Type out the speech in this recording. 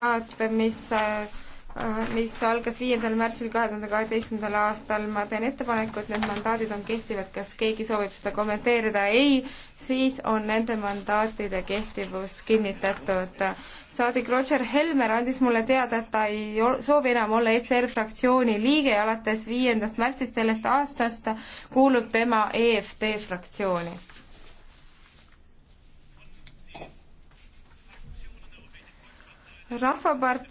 saate, mis äh, mis algas viiendal märtsil kahe tuhande kaheteistkümnendal aastal. ma teen ettepaneku, et need mandaadid on kehtivad, kas keegi soovib seda kommenteerida? ei, siis on nende mandaatide kehtivus kinnitatud. saadik Roger Helmer andis mulle teada, et ta ei soovi enam olla ECR fraktsiooni liige ja alates viiendast märtsist sellest aastast kuulub tema EFD fraktsiooni. rahvapart-.